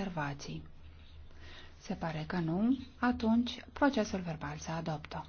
observații? Se pare că nu. Atunci, procesul verbal se adoptă.